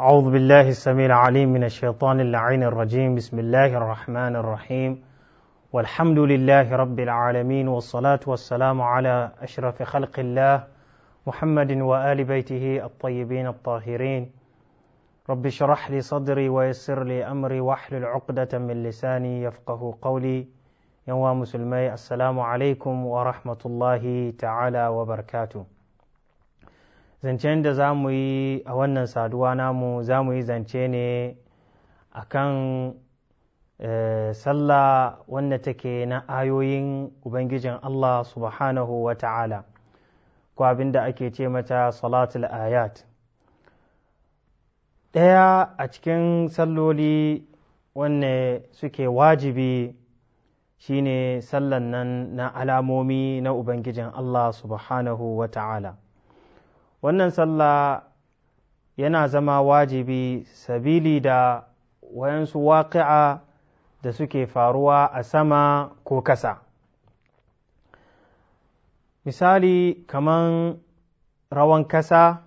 أعوذ بالله السميع العليم من الشيطان اللعين الرجيم بسم الله الرحمن الرحيم والحمد لله رب العالمين والصلاة والسلام على أشرف خلق الله محمد وآل بيته الطيبين الطاهرين رب اشرح لي صدري ويسر لي أمري واحلل عقدة من لساني يفقه قولي يوم مسلمي السلام عليكم ورحمة الله تعالى وبركاته zancen da za mu yi a wannan saduwa namu za mu yi zance ne a kan eh, sallah wanda take na ayoyin ubangijin allah subhanahu wa ta'ala ko abin da ake ce mata salatul ayat ɗaya a cikin salloli wanne suke wajibi shi ne sallan nan na alamomi na ubangijin allah subhanahu wa ta'ala wannan sallah yana zama wajibi sabili da wayansu waƙi'a da suke faruwa a sama ko kasa misali kaman rawan kasa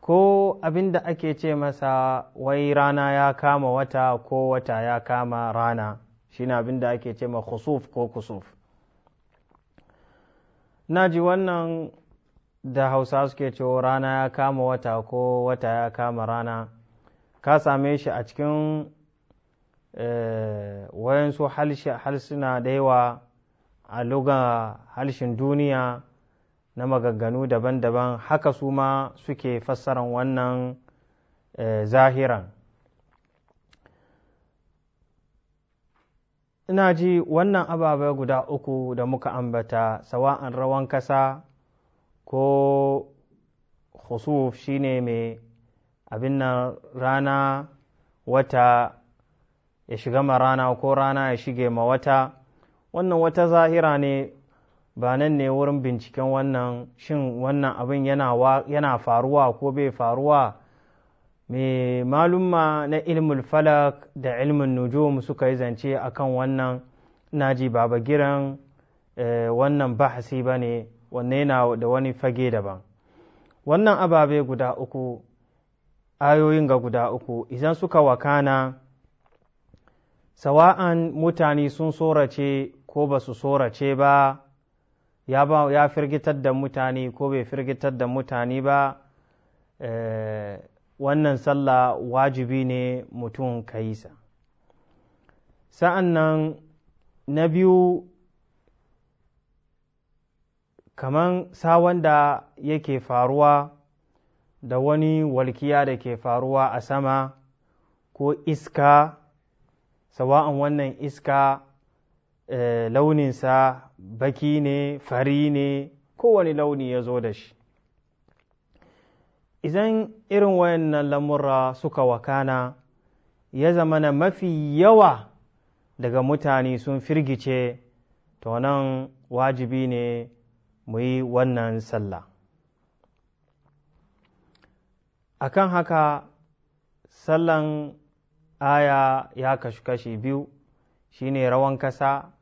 ko abin da ake ce masa wai rana ya kama wata ko wata ya kama rana shine abin da ake ce ma khusuf ko kusuf na ji wannan da hausa suke cewa rana ya kama wata ko wata ya kama rana ka same shi a cikin eh, wayansu halsuna da yawa a luga halshin duniya na magagganu daban-daban haka su ma suke fassaran wannan eh, zahiran ina ji wannan ababai guda uku da muka ambata sawa'an rawan kasa ko khusuf shine mai abin nan rana wata ya shiga ma rana ko rana ya shige ma wata wannan wata zahira ne ba nan ne wurin binciken wannan shin wannan abin yana faruwa ko bai faruwa mai malumma na ilmul falak da ilmin nujum suka yi zance akan wannan naji babagiran eh, wannan bahasi ba ne wanne na da wani fage daban wannan ababe guda uku ayoyin ga guda uku idan suka wakana sawa'an mutane sun sorace ko ba su sorace ba ya firgitar da mutane ko bai firgitar da mutane ba eh, wannan sallah wajibi ne mutum ka yi sa sa'an nan na biyu kaman sawan da yake faruwa da wani walkiya da ke faruwa a sama ko iska sawa'an wannan iska e, launinsa baki ne fari ne kowane launi ya zo da shi idan irin wayannan lamura suka wakana ya zama na mafi yawa daga mutane sun firgice to nan wajibi ne mu yi wannan sallah akan haka sallan aya ya kashi kashi biyu shine rawan kasa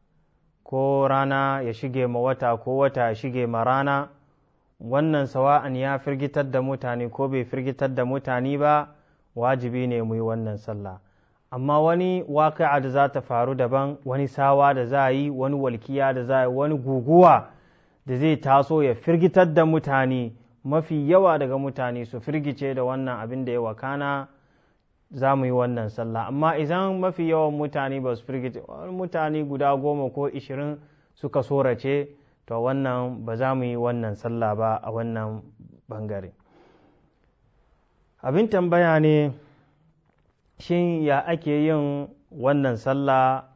ko rana ya shige ma wata ko wata ya shige ma rana wannan sawa'an ya firgitar da mutane ko bai firgitar da mutane ba wajibi ne mu yi wannan sallah amma wani waƙi'a da za ta faru daban wani sawa da za a yi wani walkiya da za a yi wani guguwa da zai taso ya firgitar da mutane mafi yawa daga mutane su firgice da wannan abin da ya wakana za mu yi wannan sallah amma idan mafi yawan mutane ba su firgice mutane guda goma ko ishirin suka sorace to wannan ba za mu yi wannan sallah ba a wannan bangare abin tambaya ne shin ya ake yin wannan sallah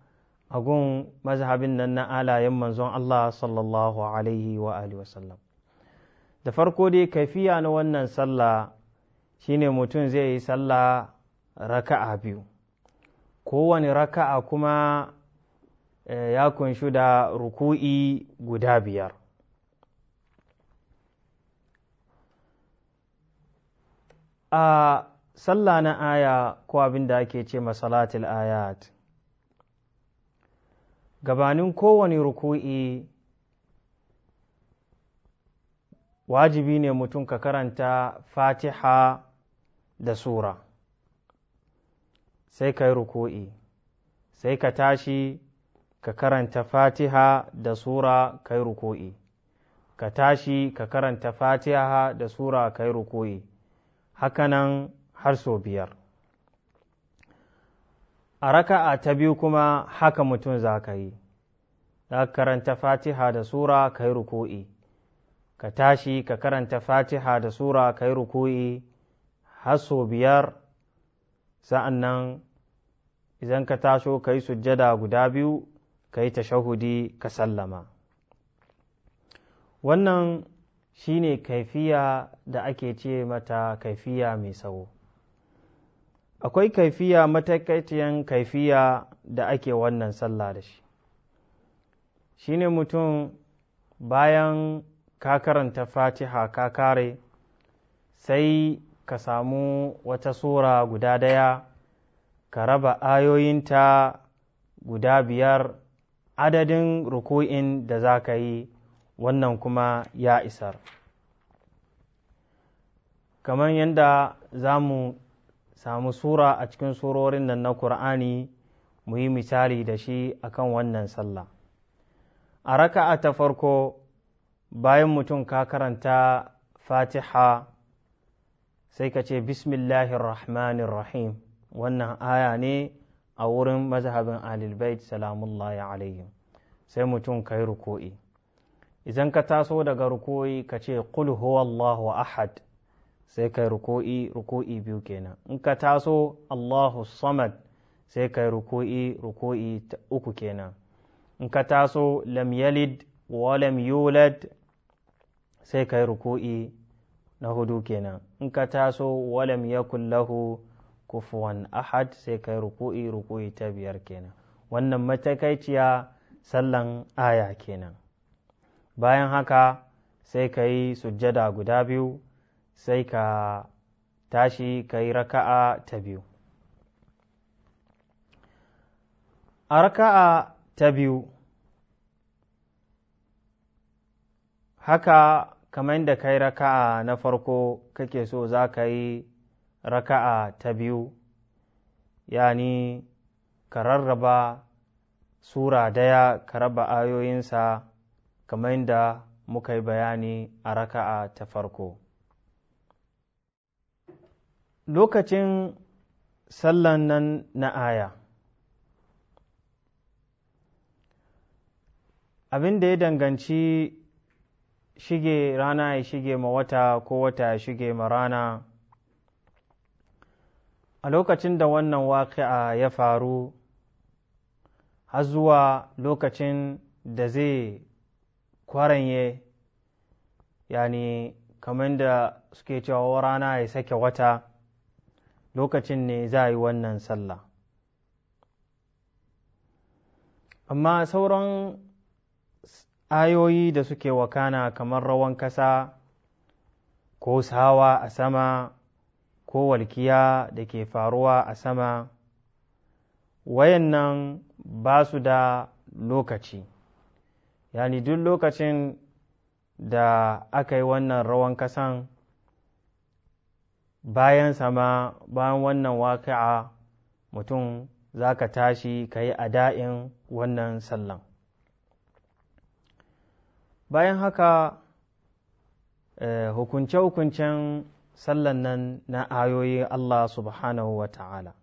a gun mazhabin nan na alayen manzon Allah sallallahu alaihi wa alihi wasallam da farko dai kafiya na wannan sallah shine mutum zai yi sallah raka'a biyu kowane raka'a kuma eh, ya kunshi da ruku'i guda biyar a sallah na aya ko abin da ake ce masalatul ayat gabanin kowane ruku'i wajibi ne mutum ka karanta fatiha da sura sai ka yi ruku'i sai ka tashi ka karanta fatiha da sura ka yi ruku'i ka tashi ka karanta fatiha da sura ka yi ruku'i hakanan har sau biyar a raka'a ta biyu kuma haka mutum za ka yi za ka karanta fatiha da sura ka yi ruku'i ka tashi ka karanta fatiha da sura ka yi ruku'i har sau biyar sa'an nan idan ka taso ka yi sujjada guda biyu ka yi tashahudi ka sallama wannan shine kaifiya da ake ce mata kaifiya mai tsawo akwai kaifiya matakaitiyan kaifiya da ake wannan sallah da shi Shi ne mutum bayan ka karanta fatiha ka kare sai ka samu wata sura guda daya ka raba ayoyinta guda biyar adadin ruku'in da za ka yi wannan kuma ya isar kamar yadda za mu samu sura a cikin surorin nan na Kur'ani mu yi misali da shi akan wannan sallah a raka'a ta farko bayan mutum ka karanta fatiha sai ka ce bismillahir wannan aya ne a wurin mazhabin alilbait salamullahi alaihim sai mutum ka yi ruko'i idan ka taso daga ruko'i ka ce huwallahu ahad sai kai rukoi rukoi biyu kenan in ka taso Allahu samad sai kai ruku'i ruku'i uku kenan in ka taso lam yalid wa lam yulad sai kai ruku'i na hudu kenan in ka taso wa lam yakul lahu kufuwan ahad sai kai rukoi rukoi ta biyar kenan wannan matakaiciya sallan aya kenan bayan haka sai ka yi sujjada guda biyu sai ka tashi ka yi raka'a ta biyu a raka'a ta biyu haka kamar da ka yi raka'a na farko kake so za ka yi raka'a ta biyu yani ka rarraba sura daya ka raba ayoyinsa kamar da muka yi bayani a raka'a ta farko lokacin sallan nan na aya abin da ya danganci shige rana ya shige ma wata ko wata ya shige ma rana a lokacin da wannan waƙi'a ya faru har zuwa lokacin da zai kwaranye yani kamar da suke cewa rana ya sake wata lokacin ne za a yi wannan sallah amma sauran ayoyi da suke wakana kamar rawan kasa ko sawa a sama ko walkiya da ke faruwa a sama wayannan ba su da lokaci yani duk lokacin da aka yi wannan rawan kasan bayan sama bayan wannan waƙi'a mutum za ka tashi ka yi da'in wannan sallan bayan haka eh, hukunce-hukuncen sallan nan na ayoyi Allah subhanahu wa ta'ala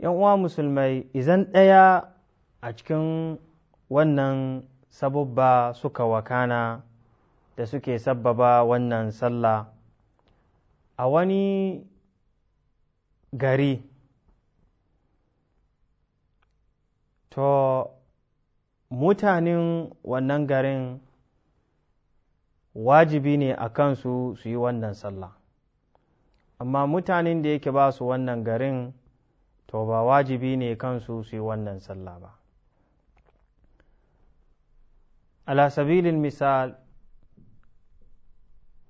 uwa musulmai izan ɗaya a cikin wannan sabubba suka wakana da suke sabbaba wannan sallah a wani gari to mutanen wannan garin wajibi ne a kansu su yi wannan sallah amma mutanen da yake ba su wannan garin to ba wajibi ne kansu su yi wannan sallah ba ala sabilin misal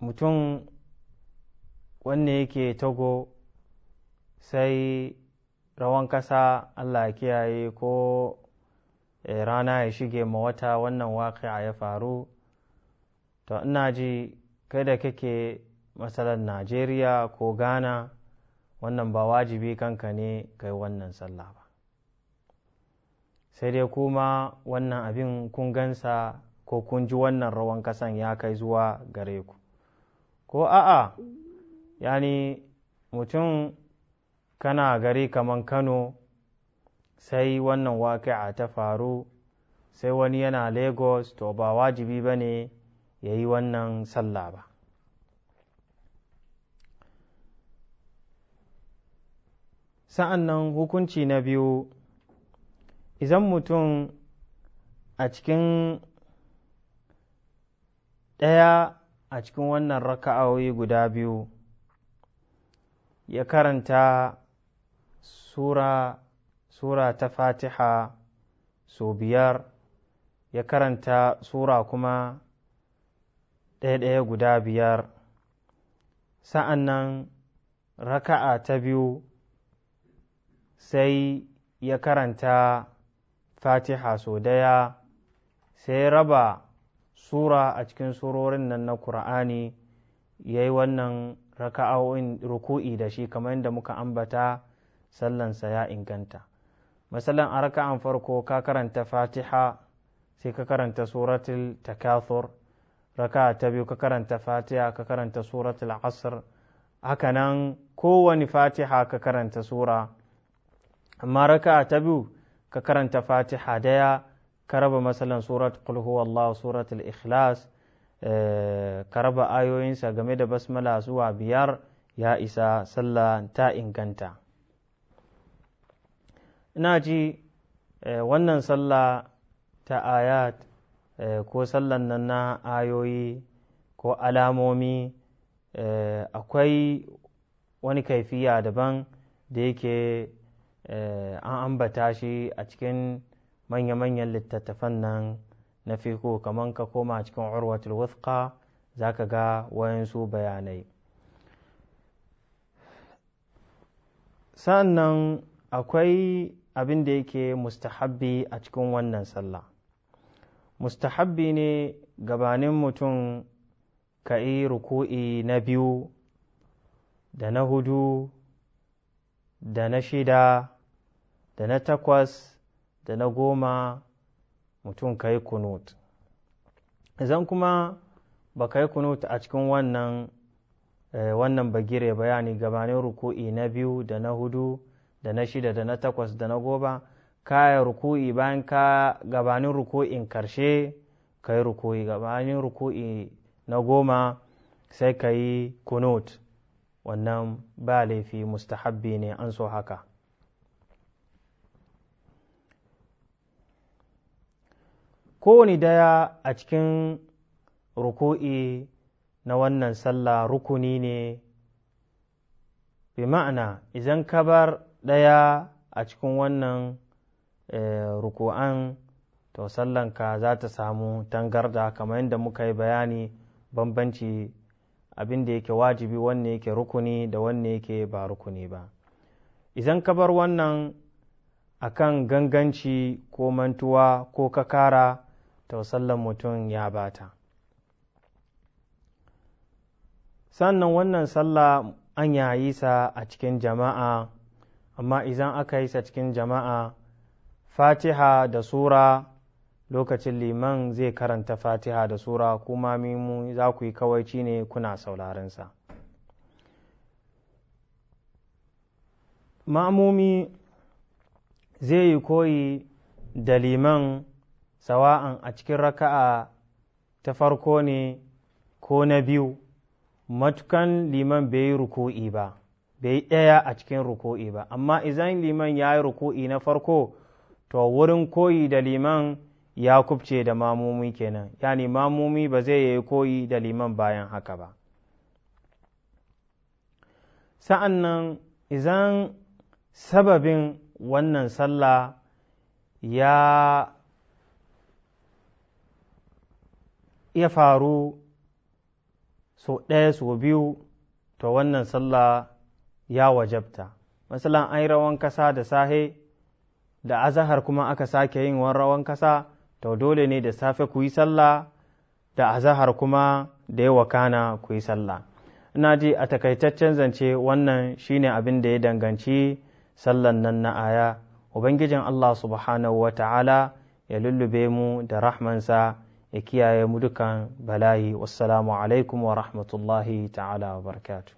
mutum wanne yake togo sai rawan kasa allah ya kiyaye ko e rana ya shige ma wata wannan waƙi'a ya faru to ina ji kai da kake matsalar najeriya ko ghana wannan ba wajibi kanka ne kai wannan sallah ba sai dai kuma wannan abin kun gansa ko kun ji wannan rawan kasan ya kai zuwa gare ku ko a'a yani mutum kana gari kaman kano sai wannan waƙi'a ta faru sai wani yana lagos to ba wajibi ba ne ya yi wannan sallah ba sa'an nan hukunci na biyu idan mutum a cikin ɗaya a cikin wannan raka'awoyi guda biyu ya karanta sura sura ta fatiha so biyar ya karanta sura kuma ɗaya-ɗaya guda biyar sa'an nan raka'a ta biyu sai ya karanta fatiha so daya sai raba sura a cikin surorin nan na ƙur'ani ya yi wannan raka'a'o'in ruku'i da shi kamar yadda muka ambata sallansa ya inganta masalan a raka'an farko ka karanta fatiha sai ka karanta suratul takathur raka ta biyu ka karanta fatiha ka karanta suratul asr hakanan kowane fatiha ka karanta sura amma raka ta biyu ka karanta fatiha daya ka raba masalan surat qul huwallahu suratul ikhlas Eh, ka raba ayoyinsa game da basmala zuwa biyar ya isa sallah ta inganta ina ji eh, wannan sallah ta ayat eh, ko sallan nan na ayoyi ko alamomi akwai wani kaifiya daban da yake an ambata shi a cikin manya-manyan littattafan nan na fiko kaman ka koma cikin urwatul wuthqa zaka ga wayansu bayanai sannan akwai abin da yake mustahabbi a cikin wannan sallah mustahabbi ne gabanin mutum ka yi ruku'i na biyu da na hudu da na shida da na takwas da na goma mutum ka yi kunut idan kuma ba ka yi kunut a cikin wannan eh, wannan bagire bayani gabanin ruku'i na biyu da na hudu da na shida da na takwas da na goma kaya ruku'i bayan ka gabanin ruku'in karshe ka yi ruku'i gabanin ruku'i na goma sai ka yi kunut wannan ba laifi mustahabbi ne an so haka kowane daya a cikin ruku'i na wannan sallah rukuni ne bi ma'ana idan ka bar ɗaya a cikin wannan eh, ruku'an to ka za ta samu tangarda kamar yadda muka yi bayani bambanci abin da yake wajibi wanne yake rukuni da wanne yake ba rukuni ba idan ka bar wannan akan ganganci ko mantuwa ko ka kara to sallan mutum ya bata sannan wannan sallah an yayi sa a cikin jama'a amma idan aka yi sa cikin jama'a fatiha da sura lokacin liman zai karanta fatiha da sura kuma mimu za ku yi kawaici ne kuna sa. ma'amumi zai yi koyi da liman sawa'an a cikin raka'a ta farko ne ko na biyu matukan liman bai yi ruku'i ba bai yi ɗaya a cikin ruku'i ba amma izan liman ya yi ruku'i na farko to wurin koyi da liman ya kubce da mamumi kenan yani mamumi ba zai yi koyi da liman bayan haka ba sa'an nan izan sababin wannan sallah ya ya faru so ɗaya so biyu to wannan sallah ya wajabta masalan an yi rawan kasa da sahe da azahar kuma aka sake yin wani rawan kasa to dole ne da safe ku yi sallah da azahar kuma da ya wakana ku yi sallah ina ji a takaitaccen zance wannan shine abin da ya danganci sallan nan na aya ubangijin allah subhanahu wa ta'ala ya lullube mu da rahmansa ya kiyaye mu dukan bala'i wassalamu alaikum wa rahmatullahi ta'ala wa barakatu